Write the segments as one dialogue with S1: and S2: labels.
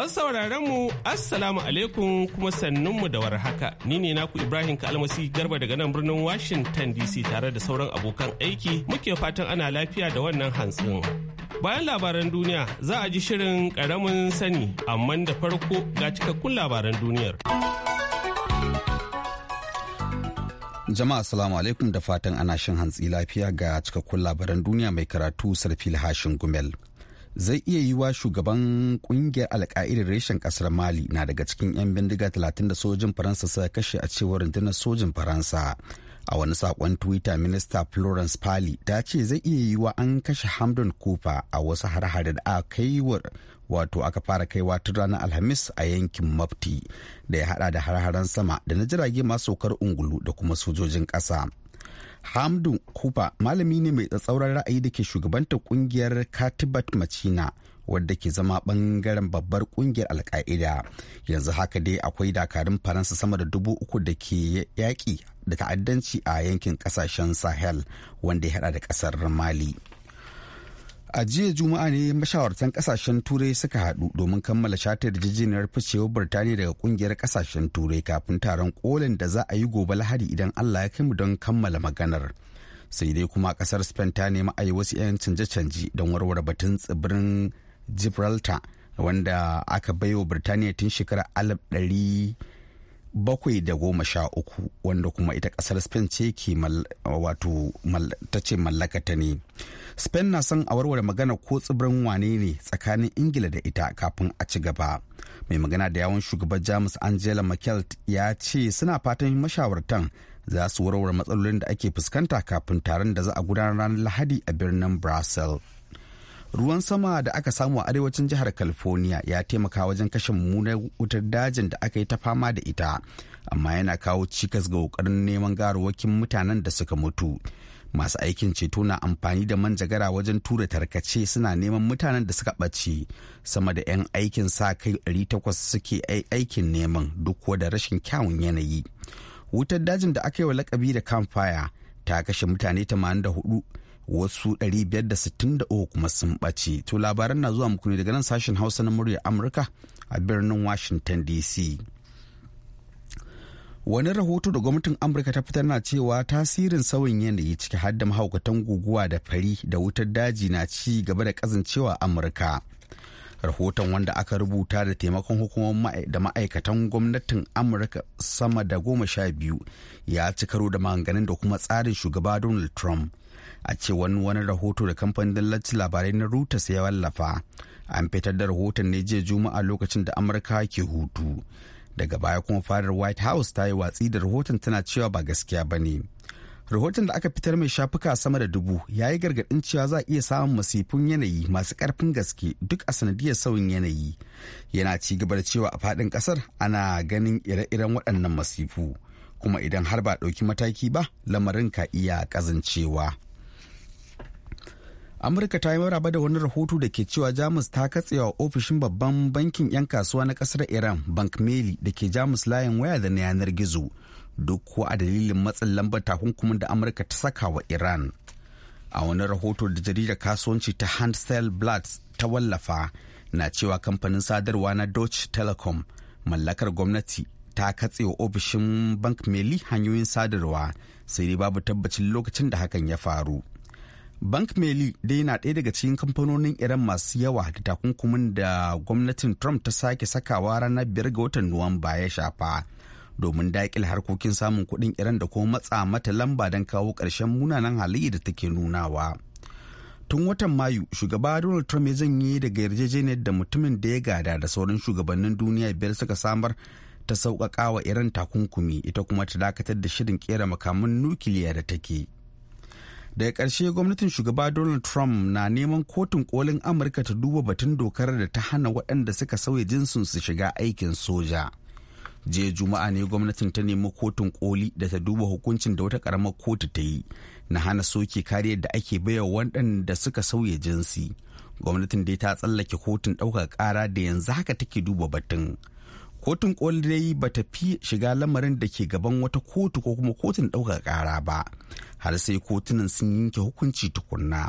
S1: Masu sauraron mu Assalamu alaikum kuma mu da warhaka. Ni ne naku Ibrahim Kalmasi Garba daga nan birnin Washington DC tare da sauran abokan aiki muke fatan ana lafiya da wannan hantsin. Bayan labaran duniya za a ji shirin karamin sani amma da farko ga cikakkun labaran duniyar.
S2: Jama'a salamu alaikum da fatan ana shin hantsi lafiya ga cikakkun labaran duniya mai karatu Sarfil Hashin Gumel. zai iya yiwa shugaban kungiyar alka'idar reshen ƙasar mali na daga cikin 'yan bindiga 30 da sojin faransa suka kashe a cewar rundunar sojin faransa a wani sakon twitter minista florence pali ta ce zai iya yiwa an kashe Hamdan cooper a wasu har-hare da aka yi wato aka fara kaiwa tun ranar alhamis a yankin mafti da ya hada da har-haren sama da na jirage masu saukar ungulu da kuma sojojin ƙasa. Hamdu Kuba malami ne mai tsatsauran ra'ayi da ke shugabantar kungiyar Katibat Macina wadda ke zama bangaren babbar kungiyar alka'ida yanzu haka dai akwai dakarun faransa sama da dubu uku da ke yaƙi da ta'addanci a yankin ƙasashen sahel wanda ya hada da ƙasar mali. a jiya juma'a ne mashawartan kasashen turai suka haɗu domin kammala shatar jijiyar ficewar birtaniya daga kungiyar kasashen turai kafin taron kolin da za a yi gobe lahadi idan allah ya kai mu don kammala maganar sai dai kuma kasar spain ta nemi a yi wasu 'yan canje-canje don warware batun tsibirin gibraltar wanda aka baiwa birtaniya tun shekarar bakwai da goma sha uku wanda kuma ita kasar spain ce ke wato ta ce mallakata ne spain na son a warware magana ko tsibirin wane ne tsakanin ingila da ita kafin a ci gaba mai magana da yawon shugaban jamus angela merkel ya ce suna fatan mashawartan za su warware matsalolin da ake fuskanta kafin taron da za a gudanar ranar lahadi a birnin brussels ruwan sama da aka samu a arewacin jihar california ya taimaka wajen kashe mummunar wutar dajin da aka yi ta fama da ita amma yana kawo cikas ga kokarin neman garuwakin mutanen da suka mutu masu aikin ceto na amfani da manjagara wajen tura tarkace suna neman mutanen da suka ɓace sama da 'yan aikin sa kai 800 suke aikin neman duk da rashin kyawun yanayi wutar dajin da aka yi wa lakabi da campfire ta kashe mutane 84 wasu 563 kuma sun ɓace to labaran na zuwa muku ne daga nan sashen hausa na murya amurka a birnin washington dc wani rahoto da gwamnatin amurka ta fitar na cewa tasirin sauyin yanayi ciki har da mahaukatan guguwa da fari da wutar daji na ci gaba da kazancewa amurka rahoton wanda aka rubuta da taimakon hukumar da ma'aikatan gwamnatin amurka sama da goma sha biyu ya ci karo da maganganun da kuma tsarin shugaba donald trump a ce wani rahoto da kamfanin dallacin labarai na Reuters ya wallafa an fitar da rahoton ne jiya juma'a lokacin da amurka ke hutu daga baya kuma fadar white house ta yi watsi da rahoton tana cewa ba gaskiya ba ne rahoton da aka fitar mai shafuka sama da dubu ya yi gargaɗin cewa za a iya samun masifun yanayi masu ƙarfin gaske duk a sanadiyar sauyin yanayi yana ci gaba da cewa a faɗin ƙasar ana ganin ire-iren waɗannan masifu kuma idan har ba ɗauki mataki ba lamarin ka iya ƙazancewa. amurka ta yi maraba da wani rahoto da ke cewa jamus ta katsewa ofishin babban bankin 'yan kasuwa na kasar iran bank meli da ke jamus layin waya da na yanar gizo duk kuwa a dalilin matsin lambar takunkumin da amurka ta saka wa iran a wani rahoto da jaridar kasuwanci ta handsel blatt ta wallafa na cewa kamfanin sadarwa na deutsche telecom mallakar gwamnati ta katse wa ofishin bank meli hanyoyin sadarwa sai dai babu tabbacin lokacin da hakan ya faru bank meli dai na ɗaya daga cikin kamfanonin iran masu yawa da takunkumin da gwamnatin trump ta sake sakawa ranar biyar ga watan nuwamba ya shafa domin daƙil harkokin samun kuɗin iran da kuma matsa mata lamba don kawo ƙarshen munanan halayya da take nunawa tun watan mayu shugaba donald trump ya janye daga yarjejeniyar da mutumin da ya gada da sauran shugabannin duniya biyar suka samar ta sauƙaƙa wa iran takunkumi ita kuma ta dakatar da shirin ƙera makamin nukiliya da take daga ƙarshe gwamnatin shugaba donald trump na neman kotun kolin amurka ta duba batun dokar da ta hana waɗanda suka sauya jinsin su shiga aikin soja jiya juma'a ne gwamnatin ta nemi kotun koli da ta duba hukuncin da wata karamar kotu ta yi na hana soke kariyar da ake baiwa waɗanda suka sauya jinsi gwamnatin dai ta tsallake kotun ɗaukar ƙara da yanzu haka take duba batun kotun koli dai ba ta fi shiga lamarin da ke gaban wata kotu ko kuma kotun ɗaukar ƙara ba har sai kotunan sun yanke hukunci tukunna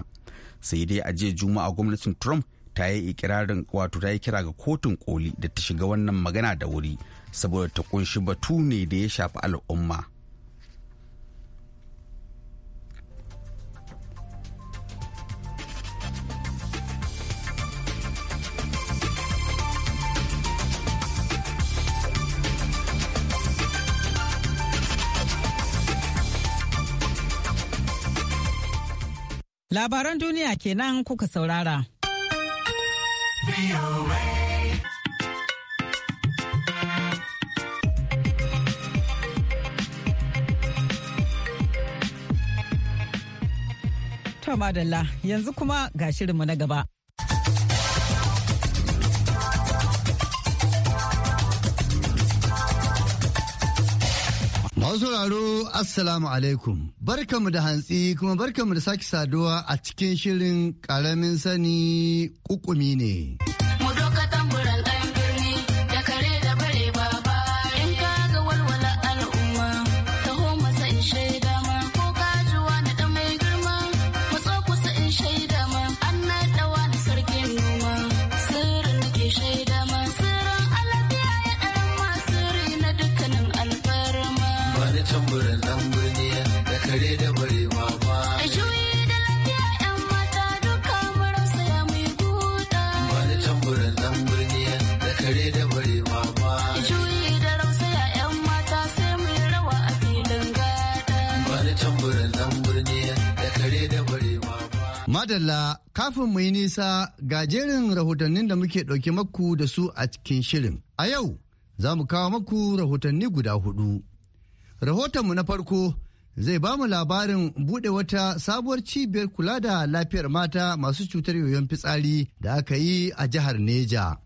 S2: sai dai a jiya juma'a gwamnatin trump ta yi ikirarin wato ta yi kira ga kotun koli da ta shiga wannan magana da wuri saboda ta kunshi batu ne da ya shafi al'umma
S3: Labaran duniya kenan kuka saurara. To madalla yanzu kuma ga shirinmu na gaba.
S4: Masu sauraro Assalamu alaikum. Barkamu da hantsi kuma barkamu da sake saduwa a cikin shirin ƙaramin sani ƙuƙumi ne. Madalla kafin mu yi nisa ga jerin rahotannin da muke ɗauke maku da su a cikin shirin. A yau za mu kawo maku rahotanni guda hudu. Rahotonmu na farko zai ba mu labarin buɗe wata sabuwar cibiyar kula da lafiyar mata masu cutar yoyon fitsari da aka yi a jihar Neja.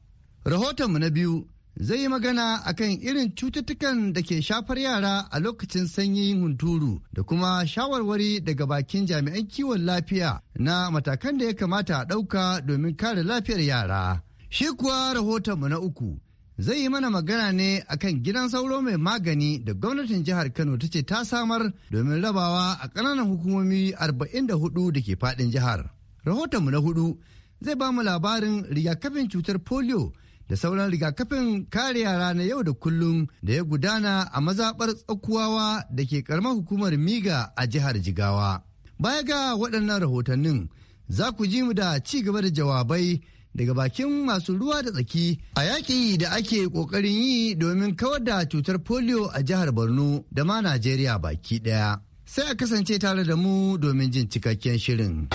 S4: Rahotonmu na biyu zai yi magana akan irin cututtukan da ke shafar yara a lokacin sanyin hunturu da kuma shawarwari daga bakin jami'an kiwon lafiya na matakan da ya kamata a ɗauka domin kare lafiyar yara. Shi kuwa rahotonmu na uku zai yi mana magana ne akan gidan sauro mai magani da gwamnatin jihar Kano ta ce ta samar domin rabawa a ƙananan hukumomi arba'in da hudu ke faɗin jihar. Rahotonmu na hudu zai ba mu labarin rigakafin cutar polio da sauran rigakafin kare yara na yau da kullum da ya gudana a mazaɓar tsakuwawa da ke karamar hukumar miga a jihar jigawa baya ga waɗannan rahotannin za ku ji mu da ci gaba da jawabai daga bakin masu ruwa da tsaki a yaƙi da ake ƙoƙarin yi domin kawar da cutar polio a jihar borno da ma najeriya baki ɗaya sai a kasance tare da mu domin jin cikakken shirin.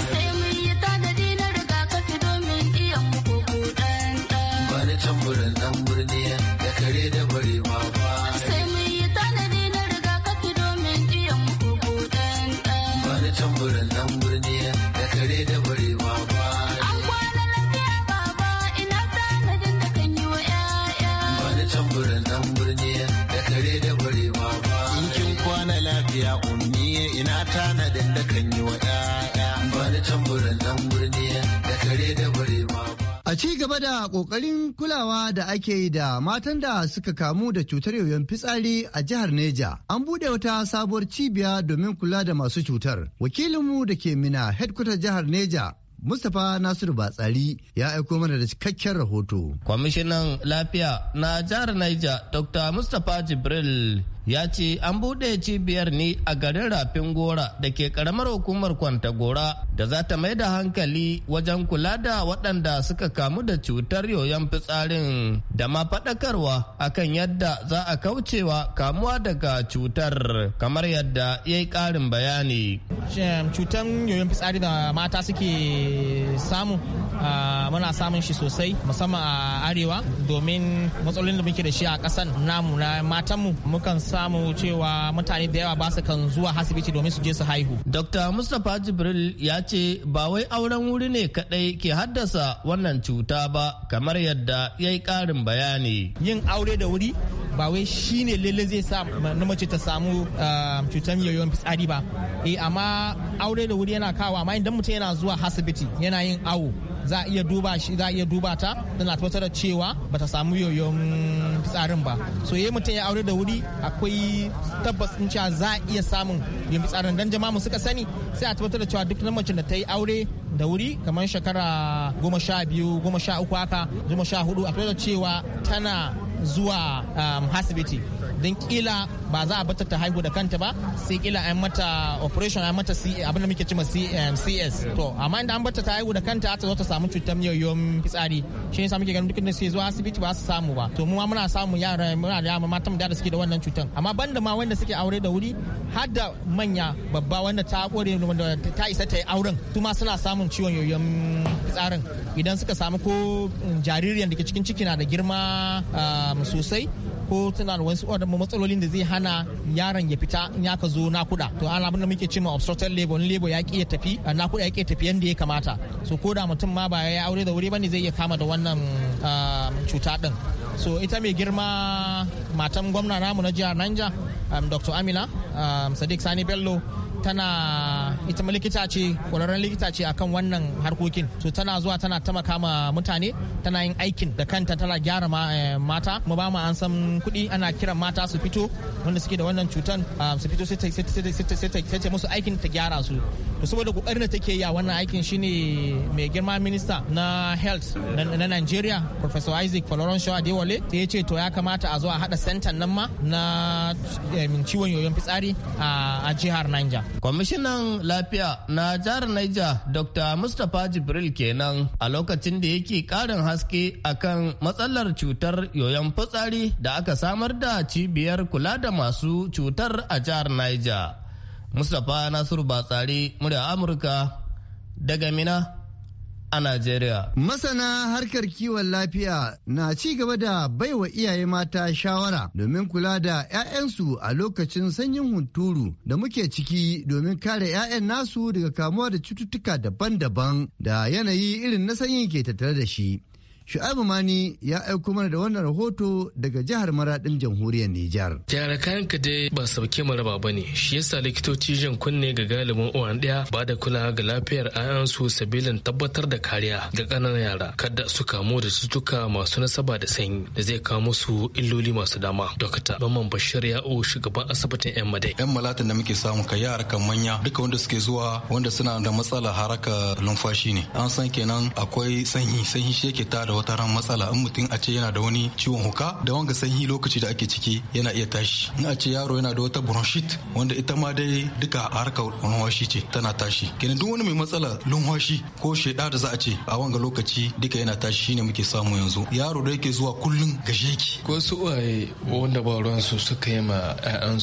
S4: da ƙoƙarin kulawa da ake yi da matan da suka kamu da cutar yoyon fitsari a jihar Neja, an buɗe wata sabuwar cibiya domin kula da masu cutar. Wakilinmu da ke mina headquarter jihar Neja, Mustapha Nasiru Batsari ya aiko mana da cikakken rahoto.
S5: Kwamishinan lafiya na jihar neja Dr. Mustapha Jibril ya ce an buɗe cibiyar ne a garin rafin gora da ke karamar hukumar kwantagora da za ta mai da hankali wajen kula da waɗanda suka kamu da cutar yoyon fitsarin da ma faɗakarwa akan yadda za a kaucewa kamuwa daga cutar kamar yadda ya yi ƙarin bayani
S6: cutar yoyon fitsari da mata suke samu muna samun shi sosai musamman a arewa domin matsalolin da muke da shi a ƙasan namu na matanmu mukan samu cewa mutane da yawa ba su kan zuwa asibiti domin su je su haihu.
S5: Dr. Mustapha Jibril ya ce ba wai auren wuri ne kadai ke haddasa wannan cuta ba kamar yadda ya yi karin bayani. Yin aure da wuri ba wai shi ne lalle zai sa na mace ta samu
S6: ah, cutar yoyon fitsari ba. Eh amma aure da wuri yana kawo amma idan mutum yana zuwa asibiti yana yin awo za a iya duba shi za a iya duba ta tana tabbatar da cewa bata samu yoyon fitsarin ba so yayin mutum ya aure da wuri akwai tabbas in cewa za a iya samun yoyon fitsarin dan jama'a mu suka sani sai a tabbatar da cewa duk namacin da ta yi aure da wuri kamar shekara goma sha biyu goma sha uku haka goma sha hudu a da cewa tana zuwa um, don kila ba za a bata ta haihu da kanta ba sai kila an mata operation an mata abin da muke cima cs um, to amma inda an bata ta haihu da kanta ta zo ta samu cutar miyoyin fitsari shi yasa muke ganin duk da suke zuwa asibiti ba su samu ba to mu ma muna samu yara muna da yara matan da suke da wannan cutar amma banda ma wanda suke aure da wuri har da manya babba wanda ta kore wanda ta isa ta yi auren su ma suna samun ciwon yoyon fitsarin idan suka samu ko jaririyar da ke cikin ciki na da girma um, sosai ko tana da wasu matsalolin da zai hana hana yaron ya fita in ya ka zo nakuda to ana abin da muke cewa obstructed labor in labor ya ki ya tafi nakuda ya ki tafi yanda ya kamata so ko da mutum ma ba ya aure da wuri bane zai iya kama da wannan um, cuta din so ita mai girma matan gwamna namu na jihar Niger um, Dr. Amina um, Sadiq Sani Bello tana ita ma likita ce kwararren likita ce akan wannan harkokin to tana zuwa tana taimaka ma mutane tana yin aikin da kanta tana gyara eh, mata mu ba mu an san kuɗi ana kiran mata su fito wanda suke da wannan cutan ah, su fito sai ta musu aikin ta gyara su to saboda kokarin da take yi a wannan aikin shine mai girma minista na health na Nigeria Professor Isaac Faloron Shaw Adewale ta yace to ya kamata a zo a hada center nan ma na eh, ciwon yoyon fitsari ah, a jihar Niger.
S5: commissioner lafiya na jihar Niger Dr. Mustapha Jibril kenan a lokacin da yake karin haske akan matsalar cutar yoyon fitsari da aka samar da cibiyar kula da masu cutar a jihar Niger. Mustapha Nasiru Batsari, murya Amurka daga Mina a Najeriya.
S4: Masana harkar kiwon lafiya na ci gaba da baiwa iyaye mata shawara domin kula da 'ya'yansu a lokacin sanyin hunturu da muke ciki domin kare 'ya'yan nasu daga kamuwa da cututtuka daban-daban da yanayi irin na sanyin ke tattare da shi. Shu'aibu Mani ya aiko mana da wannan rahoto daga jihar Maradin jamhuriyar Nijar.
S7: Gyara kayanka dai ba sauke maraba ba ne, shi yasa likitoci jan kunne ga galibin uwan ɗaya ba da kula ga lafiyar ayansu sabilin tabbatar da kariya ga ƙananan yara kada su kamu da cututtuka masu nasaba da sanyi
S8: da zai kawo musu illoli masu dama. Dokta Baman Bashir ya o shugaban asibitin 'yan madai. 'Yan malatin da muke samu ka yara kan manya duka wanda suke zuwa wanda suna da matsala haraka numfashi ne. An san kenan akwai sanyi sanyi shi yake tada wata ran matsala in mutum a ce yana da wani ciwon huka da wanga sanyi lokaci da ake ciki yana iya tashi in a ce yaro yana da wata bronchit wanda ita ma dai duka harkar numfashi ce tana tashi kenan duk wani mai matsala numfashi ko sheda da za a ce a wanga lokaci duka yana tashi shine muke samu yanzu yaro da yake zuwa kullun gashe ki ko su uwaye wanda ba ruwan su suka yi ma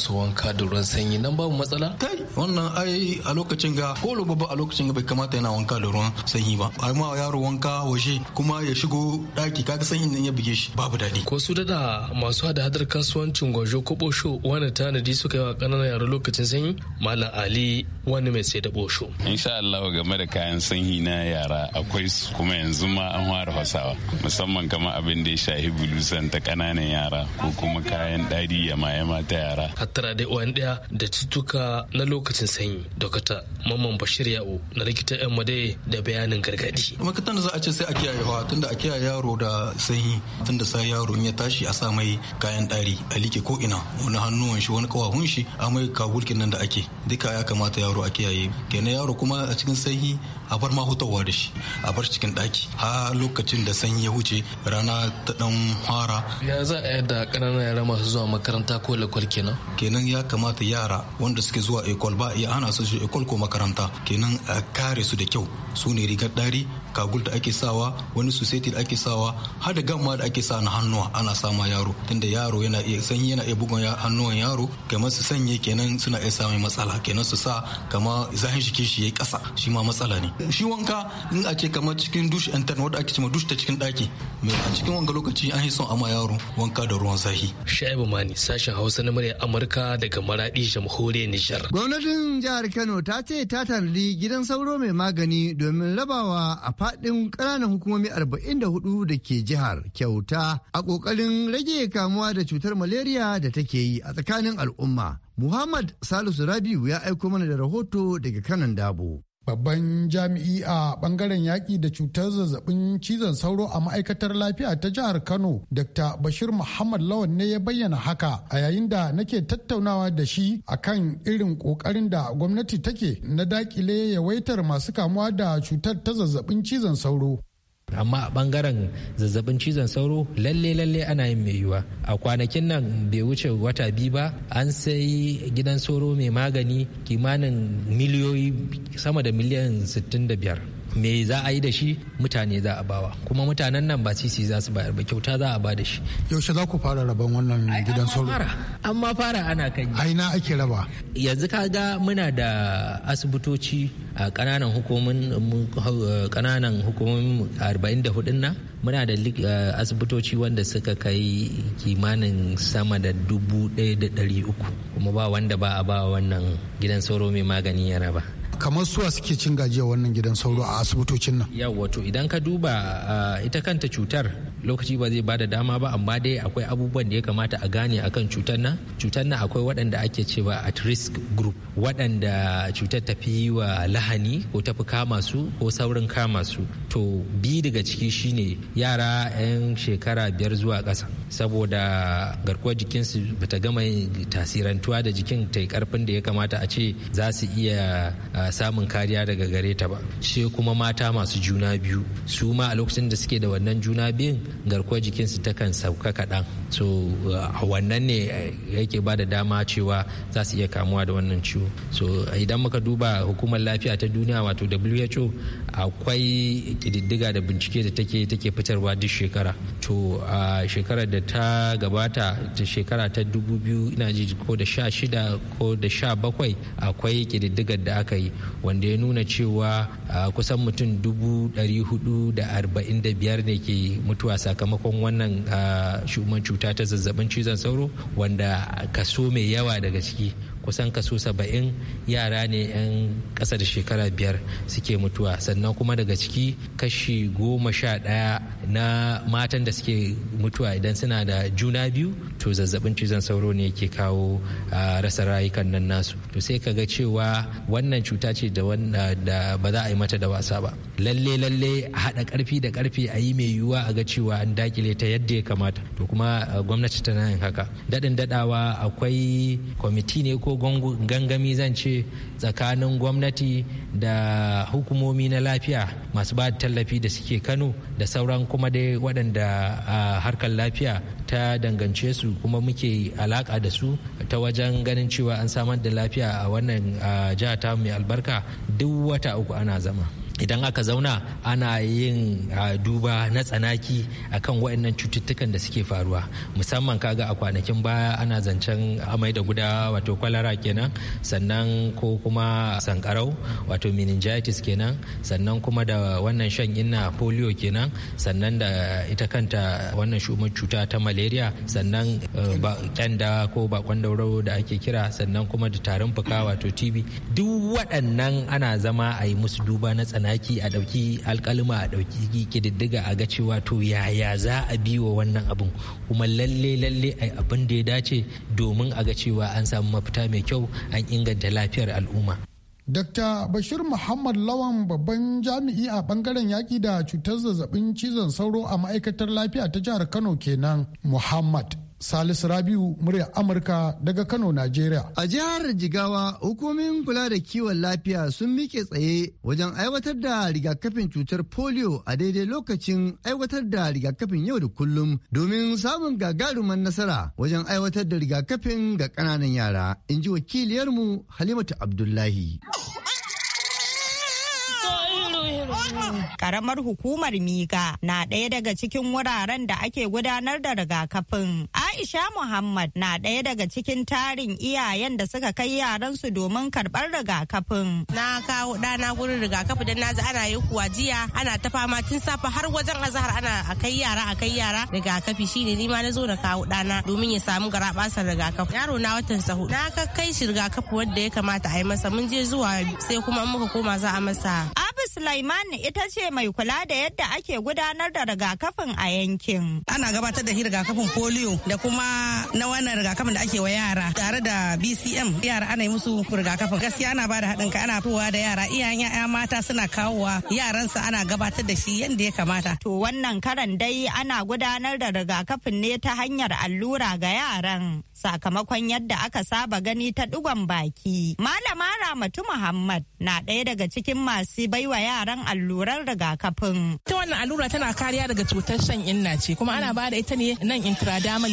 S8: su wanka da ruwan sanyi nan babu matsala kai wannan ai a lokacin ga ko ba a lokacin ga bai kamata yana wanka da ruwan sanyi ba ai ma yaro wanka waje kuma ya shigo ko daki kaga san inda ya buge shi babu
S7: daɗi. ko su dada masu hada hadar kasuwancin gwanjo ko bosho wani tanadi suka yi wa kanana yaro lokacin sanyi malam ali wani mai sai da bosho.
S9: insha allah game da kayan sanyi na yara akwai su kuma yanzu ma an fara fasawa musamman kamar abin da ya shahi bulusan ta kananan yara ko kuma kayan ɗadi yama yama ta yara.
S7: hattara dai uwan ɗaya da cutuka na lokacin sanyi dokata mamman bashir ya'u na likita yan da bayanin gargadi.
S8: makatan za a ce sai a kiyaye tunda a ya yaro da sanyi tun da sa yaro in ya tashi a sa mai kayan ɗari a like ko ina wani hannuwan shi wani kawahun shi a mai kagulkin nan da ake duka ya kamata yaro a kiyaye kenan yaro kuma a cikin sanyi a bar ma hutawa da shi a bar cikin ɗaki ha lokacin da sanyi ya wuce rana ta dan fara ya za a yadda ƙananan yara masu zuwa makaranta ko lakwal kenan kenan ya kamata yara wanda suke zuwa ekol ba ya ana su ekol ko makaranta kenan a kare su da kyau su ne rigar ɗari kagul da ake sawa wani society da ake sawa har da gamma da ake sa na hannuwa ana sama yaro tunda yaro yana iya sanyi yana iya bugun hannuwan yaro kamar su sanye kenan suna iya samun matsala kenan su sa kama zahin shi shi yayi kasa shi ma matsala ne shi wanka in a ce kamar cikin dush intern wanda ake cewa dush ta cikin daki me a cikin wanga lokaci an yi son ama yaro wanka da ruwan zahi
S7: Shaibu Mani sashen Hausa na murya Amurka daga Maradi jamhuriyar Nijar
S4: gwamnatin jihar Kano ta ce ta tanadi gidan sauro mai magani domin rabawa a faɗin ƙananan hukumomi 44 da ke jihar kyauta a ƙoƙarin rage kamuwa da cutar malaria da take yi a tsakanin al'umma. Muhammad Salisu Rabiu ya aiko mana da rahoto daga kanan dabo. Babban jami'i a bangaren yaƙi da cutar zazzabin cizon sauro a ma'aikatar lafiya ta jihar Kano, Dr.
S1: Bashir Muhammad Lawan ne ya bayyana haka a yayin da nake tattaunawa da shi a kan
S7: irin ƙoƙarin da gwamnati take na daƙile yawaitar masu kamuwa da cutar ta zazzabin cizon sauro. amma a bangaren zazzabin cizon sauro lalle lalle ana yin mai yiwuwa a kwanakin nan bai wuce wata biyu ba an sai gidan sauro mai magani kimanin miliyoyi sama da miliyan 65 me za a yi da shi mutane za a bawa kuma mutanen nan ba sisi za su bayar ba kyauta za a ba da shi yaushe za ku fara rabon wannan gidan sauro an ma fara ana kan yi aina ake raba yanzu ka ga muna da asibitoci a kananan hukumin kananan hukumin 44 nan muna da eh, asibitoci wanda suka kai kimanin sama da dubu ɗaya da ɗari uku kuma ba wanda ba a ba wannan gidan sauro mai magani ya raba
S10: kamar suwa suke cin gajiya wannan gidan sauro a asibitocin nan
S7: yawa wato idan ka duba ah, ita kanta cutar lokaci ba zai bada dama ba amma dai akwai abubuwan da ya kamata a gane akan cutar nan cutar nan akwai waɗanda ake cewa at risk group waɗanda cutar tafi wa lahani ko tafi kama su ko saurin kama su to bi daga ciki shine yara 'yan shekara biyar zuwa ƙasa saboda garkuwar jikinsu bata gama tasirantuwa da jikin ta karfin da ya kamata a ce za su iya samun kariya daga gare ta ba sai kuma mata masu juna biyu su ma a lokacin da suke da wannan juna biyun garkuwar jikinsu takan sauka kaɗan so uh, a wannan ne uh, yake ba da dama cewa za su iya kamuwa da wannan ciwo so idan muka duba hukumar lafiya ta duniya wato who akwai ƙididdiga da bincike da take take fitarwa duk shekara to a shekarar da ta gabata ta shekara ta dubu biyu ina ji ko da sha shida ko da sha bakwai akwai ƙididdigar da aka yi wanda ya nuna cewa uh, kusan mutum dubu dari hudu da arba'in da biyar ne ke mutuwa sakamakon wannan ah, shuman cuta ta zazzabin cizon sauro wanda kaso mai yawa daga ciki kusan kaso saba'in yara ne 'yan ƙasa da shekara biyar suke mutuwa sannan kuma daga ciki kashi goma sha ɗaya na matan da suke mutuwa idan suna da juna biyu to zazzabin cizon sauro ne ke kawo rasa rayukan nan nasu to sai ka ga cewa wannan cuta ce da ba za a yi mata da wasa ba lalle lalle a haɗa ƙarfi da ƙarfi a yi mai yiwuwa a ga cewa an dakile ta yadda ya kamata to kuma gwamnati tana yin haka daɗin daɗawa akwai kwamiti ne ko gangami zan ce tsakanin gwamnati da hukumomi na lafiya masu ba da tallafi da suke kano da sauran kuma dai waɗanda harkar lafiya ta dangance su kuma muke alaƙa da su ta wajen ganin cewa an samar da lafiya a wannan jihar ta mai albarka duk wata uku ana zama idan aka zauna ana yin duba na tsanaki akan waɗannan cututtukan da suke faruwa musamman kaga a kwanakin baya ana zancen amai da guda wato kwalara kenan sannan ko kuma sankarau wato meningitis kenan sannan kuma da wannan shan inna polio kenan sannan da ita kanta wannan shumar cuta ta malaria sannan e, kyanda ko bakon dauro da ake kira sannan kuma da tarin fuka wato tb duk waɗannan ana zama a yi musu duba na tsanaki tsanaki a ɗauki alkalima a ɗauki kididdiga a ga cewa to yaya za a biwa wannan abun kuma lalle lalle a abin da ya dace domin a ga cewa an samu mafita mai kyau an inganta lafiyar al'umma.
S1: Dr. Bashir Muhammad Lawan babban jami'i a bangaren yaƙi da cutar zazzabin cizon sauro a ma'aikatar lafiya ta jihar Kano kenan Muhammad Salisu Rabiu murya Amurka daga Kano, Najeriya. A
S4: jihar Jigawa, hukumomin kula da kiwon lafiya sun mike tsaye wajen aiwatar da rigakafin cutar polio a daidai lokacin aiwatar da rigakafin yau da kullum domin samun gagaruman nasara wajen aiwatar da rigakafin ga ƙananan yara, in ji wakiliyarmu Halimatu Abdullahi.
S11: Karamar hukumar mika na ɗaya daga cikin wuraren da ake gudanar da rigakafin. Aisha Muhammad na ɗaya daga cikin tarin iyayen da suka kai yaransu domin karɓar rigakafin. Na kawo ɗana gurin rigakafi don na ana yi kuwa jiya ana ta fama tun safe har wajen azahar ana a kai yara a kai yara rigakafi shine ne nima na zo na kawo ɗana domin ya samu garaɓasar rigakafi. Yaro na watan sahu na ka kai shi rigakafi wanda ya kamata a yi masa mun je zuwa sai kuma an muka koma za a masa. Sulaiman ita ce mai kula da yadda ake gudanar da rigakafin a yankin. Ana gabatar da rigakafin polio da kuma na wannan rigakafin da ake wa yara tare da BCM yara ana yi musu rigakafin. Gaskiya ana bada haɗin kai ana fitowa da yara iyayen ya'ya mata suna kawowa yaransa ana gabatar da shi yadda ya kamata. To wannan karan dai ana gudanar da rigakafin ne ta hanyar allura ga yaran. sakamakon yadda aka saba gani ta dugon baki. Malama Ramatu Muhammad na ɗaya daga cikin masu baiwa yaran allurar rigakafin. Ita wannan allura tana kariya daga cutar shan inna ce kuma ana ba da ita ne nan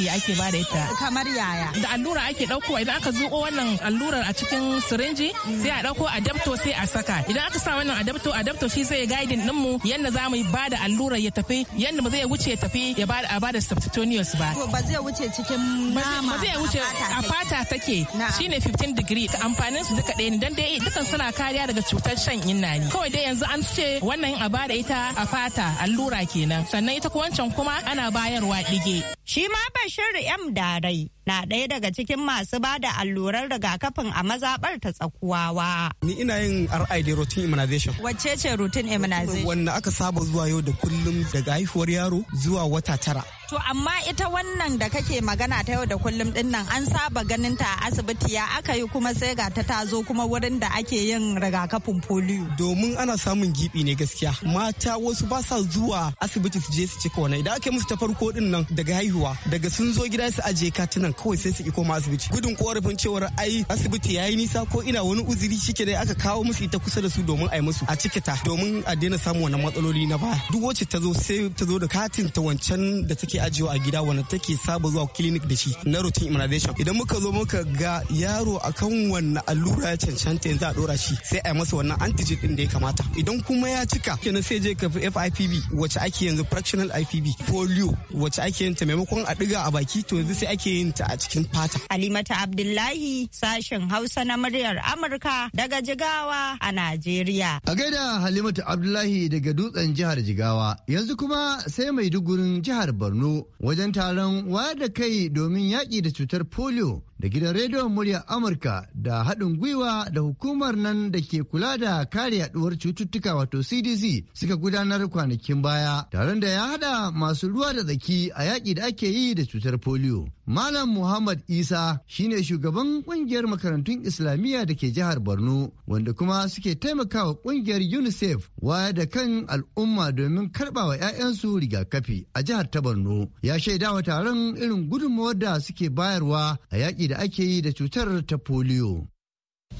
S11: ya ake ba da ita. Kamar yaya? Da allura ake ɗaukowa idan aka zuƙo wannan allurar a cikin sirinji sai a ɗauko adapto sai a saka. Idan aka sa wannan adapto adapto shi zai guiding ɗinmu yadda za mu ba da allurar ya tafi yadda ba zai wuce ya tafi ya ba da subcutaneous ba. Ba zai wuce cikin nama. Ba bai wuce a fata take shine 15 degree amfanin su duka ɗaya ne don dai dukan suna kariya daga cutar shan inna ne kawai dai yanzu an ce wannan a bada ita a fata allura kenan sannan ita wancan kuma ana bayarwa ɗige. shi ma Bashir M Darai na ɗaya daga cikin masu ba da allurar rigakafin a mazaɓar ta tsakuwawa.
S12: Ni ina yin RID routine immunization.
S11: Wacce ce routine immunization?
S12: Wanda aka saba zuwa yau da kullum daga haihuwar yaro zuwa wata tara.
S11: To amma ita wannan da kake magana ta yau da kullum dinnan nan an saba ganin ta a asibiti ya aka yi kuma sai ga ta tazo kuma wurin da ake yin rigakafin polio.
S12: Domin ana samun gibi ne gaskiya. Mata wasu ba sa zuwa asibiti su je su cika wani. idan ake musu ta farko dinnan nan daga haihuwa daga sun zo gida su aje katunan kawai sai su iko ma asibiti gudun korafin cewar ai asibiti yi nisa ko ina wani uzuri shike dai aka kawo musu ita kusa da su domin yi musu a cikita domin a daina samun wannan matsaloli na baya duk wacce ta zo sai ta zo da katin ta wancan da take ajiyewa a gida wanda take saba zuwa clinic da shi na routine immunization idan muka zo muka ga yaro akan wannan allura ya cancanta yanzu a dora shi sai a masa wannan antigen din da ya kamata idan kuma ya cika kenan sai je ka FIPB wacce ake yanzu fractional IPB polio wacce ake yin ta maimakon a diga a baki to yanzu sai ake yin ta ta a cikin
S11: fata. Halimata Abdullahi sashen Hausa na muryar Amurka daga Jigawa a Najeriya.
S4: A gaida Halimata Abdullahi daga dutsen jihar Jigawa yanzu kuma sai mai dugurin jihar Borno wajen taron wayar da kai domin yaƙi da cutar polio da gidan rediyon murya amurka da haɗin gwiwa da hukumar nan da ke kula da kare yaduwar cututtuka wato cdc suka gudanar kwanakin baya taron da ya haɗa masu ruwa da tsaki a yaƙi da ake yi da cutar polio malam muhammad isa shine shugaban ƙungiyar makarantun islamiyya da ke jihar borno wanda kuma suke taimakawa ƙungiyar unicef waya da kan al'umma domin karɓawa 'ya'yansu rigakafi a jihar ta borno ya shaidawa taron irin gudunmawar da suke bayarwa a yaƙi da da ake yi da cutar ta polio.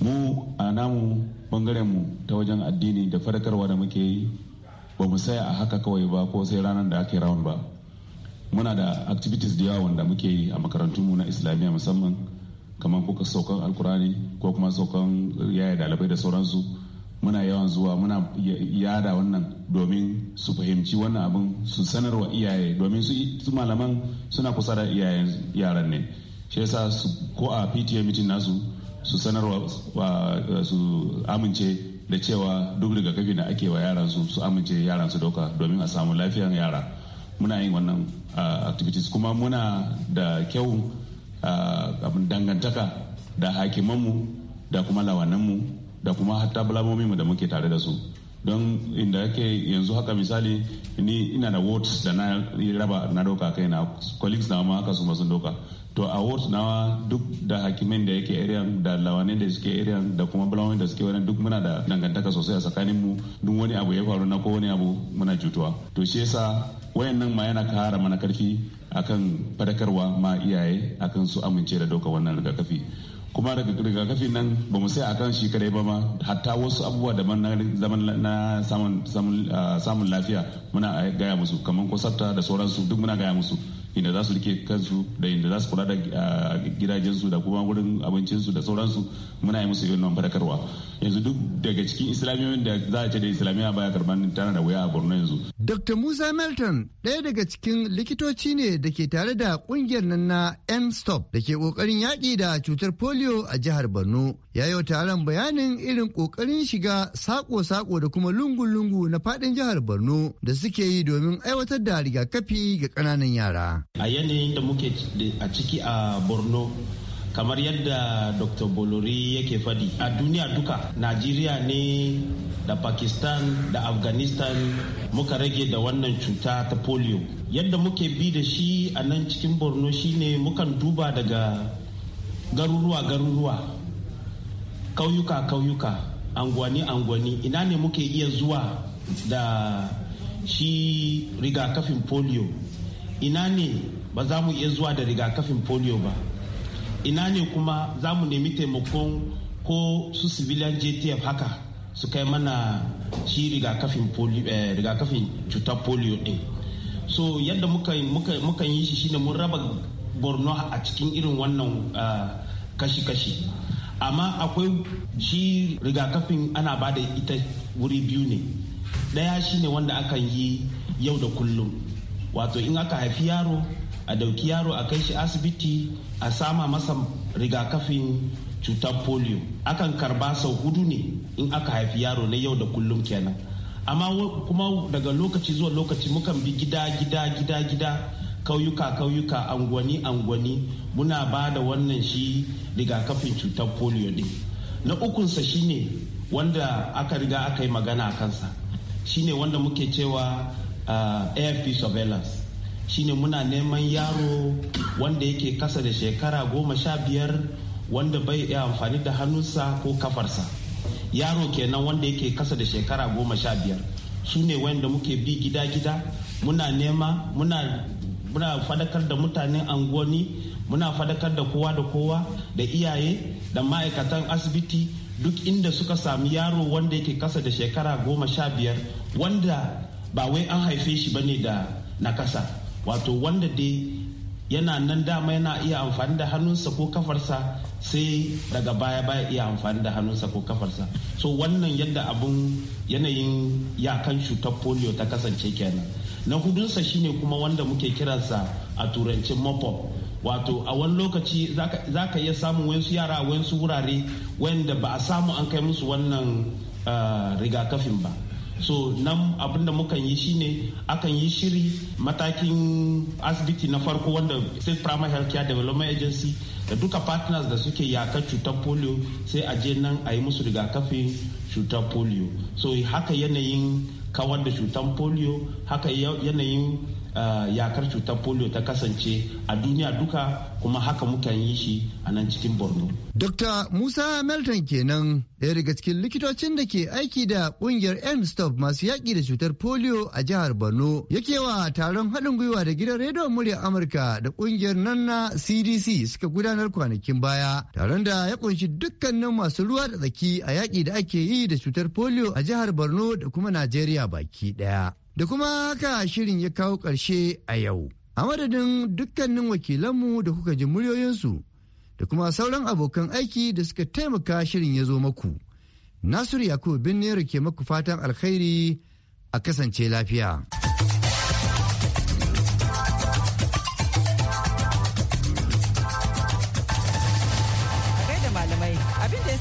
S9: mu a namu bangaren mu ta wajen addini da farkarwa da muke yi ba mu saya a haka kawai ba ko sai ranar da ake rawan ba muna da activities da yawa wanda muke yi a makarantunmu na islamiyya musamman kamar kuka saukan alkurani ko kuma saukan yaya dalibai da sauransu muna yawan zuwa muna yada wannan domin su fahimci wannan abin su sanarwa iyaye domin su malaman suna kusa da iyayen yaran ne shi yasa ko a pta mitin nasu su sanarwa eh, su amince da cewa duk rigakafi da ake wa yaran su su amince yaran su doka domin a samu lafiyan yara muna yin wannan eh, activities kuma muna da kyau eh, dangantaka da hakimanmu da kuma lawananmu da kuma hatta mu da muke tare da su don inda yake yanzu haka misali ni ina da wards da na raba na doka kai na colleagues na ma haka su sun doka to a wards na duk da hakimin da yake area da lawanin da suke area da kuma bulawin da suke wani duk muna da dangantaka sosai a tsakanin mu duk wani abu ya faru na ko wani abu muna jutuwa to shi yasa wayannan ma yana kara mana karfi akan fadakarwa ma iyaye akan su amince da doka wannan rigakafi kuma rigakafin nan ba mu sai kan shi kadai ba ma hatta wasu abubuwa daban na zaman na ah, samun lafiya muna gaya musu kamar ko da sauransu duk muna gaya musu inda za su rike kansu da inda za su kula da gidajensu da kuma wurin abincinsu da sauransu muna yi musu irin fadakarwa yanzu duk daga cikin islamiyoyin da za a ce da islamiyya baya karban tana da wuya a borno yanzu.
S4: dr musa melton ɗaya daga cikin likitoci ne da ke tare da kungiyar nan na m-stop da ke kokarin yaƙi da cutar polio a jihar borno ya yi taron bayanin irin kokarin shiga sako-sako da kuma lungu-lungu na faɗin jihar borno da suke yi domin aiwatar da rigakafi ga ƙananan yara.
S1: a yanayin da muke a ciki a borno kamar yadda dr bolori yake fadi a duniya duka najeriya ne da pakistan da afghanistan muka rage da wannan cuta ta polio yadda muke bi da shi a nan cikin borno shine mukan duba daga garuruwa garuruwa kauyuka kauyuka angwani angwani ina ne muke iya zuwa da shi rigakafin polio ina ne ba za mu iya zuwa da rigakafin polio ba ina ne kuma za mu nemi taimakon ko su civilian jtf haka su kai mana shi rigakafin eh, cutar polio din so yadda muka, yi shi shine mun raba borno a cikin irin wannan ah, kashi-kashi amma akwai shi rigakafin ana ba da ita wuri biyu ne ɗaya shine wanda akan yi yau da kullum wato in aka haifi yaro a dauki yaro a kai shi asibiti a sama masa rigakafin cutar polio akan karba sau hudu ne in aka haifi yaro na yau da kullum kenan amma kuma daga lokaci zuwa lokaci mukan bi gida gida gida gida kauyuka kauyuka angwani angwani muna ba da wannan shi rigakafin cutar polio din na ukunsa shine wanda aka riga aka yi magana a kansa shine wanda muke cewa Uh, afp surveillance shine muna neman yaro wanda yake kasa da shekara goma sha biyar wanda bai iya amfani da hannunsa ko kafarsa yaro kenan wanda yake kasa da shekara goma sha biyar shi ne wanda muke bi gida-gida muna nema muna muna fadakar da mutanen angoni muna fadakar da kowa da kowa da iyaye da ma'aikatan asibiti duk inda suka sami yaro wanda yake kasa da shekara goma sha biyar wanda ba wai an haife shi ba ne da nakasa wato wanda dai yana nan dama yana iya amfani da hannunsa ko kafarsa sai daga baya baya iya amfani da hannunsa ko kafarsa so wannan yadda abun yanayin yakan cutar polio ta kasance kenan na hudunsa shine kuma wanda muke kiransa a turancin mopop wato a wani lokaci za ka iya samun wasu yara wasu wurare wanda ba a samu an kai musu wannan ah, rigakafin ba so nan abinda mukan yi shine akan yi shiri matakin asibiti na farko wanda state primary health care development agency da duka partners da suke yaka cutar polio sai a je nan a yi musu rigakafin cutar polio so haka yanayin kawar da cutar polio haka yanayin Eh, yakar cutar polio ta kasance a duniya duka kuma haka muka yi shi a nan cikin borno.
S4: Dr. Musa Melton kenan ɗaya daga cikin likitocin da ke aiki da ƙungiyar stop masu yaƙi da cutar polio a jihar Borno yake wa taron haɗin gwiwa da gidan rediyon murya Amurka da ƙungiyar nan na CDC suka gudanar kwanakin baya taron da ya ƙunshi dukkanin masu ruwa da tsaki a yaƙi da ake yi da cutar polio a jihar Borno da kuma Najeriya baki ɗaya. da kuma haka shirin ya kawo ƙarshe a yau a madadin dukkanin wakilanmu da kuka ji muryoyinsu da kuma sauran abokan aiki da suka taimaka shirin ya zo maku nasiru yakubu Binnere ke maku fatan alkhairi a kasance lafiya.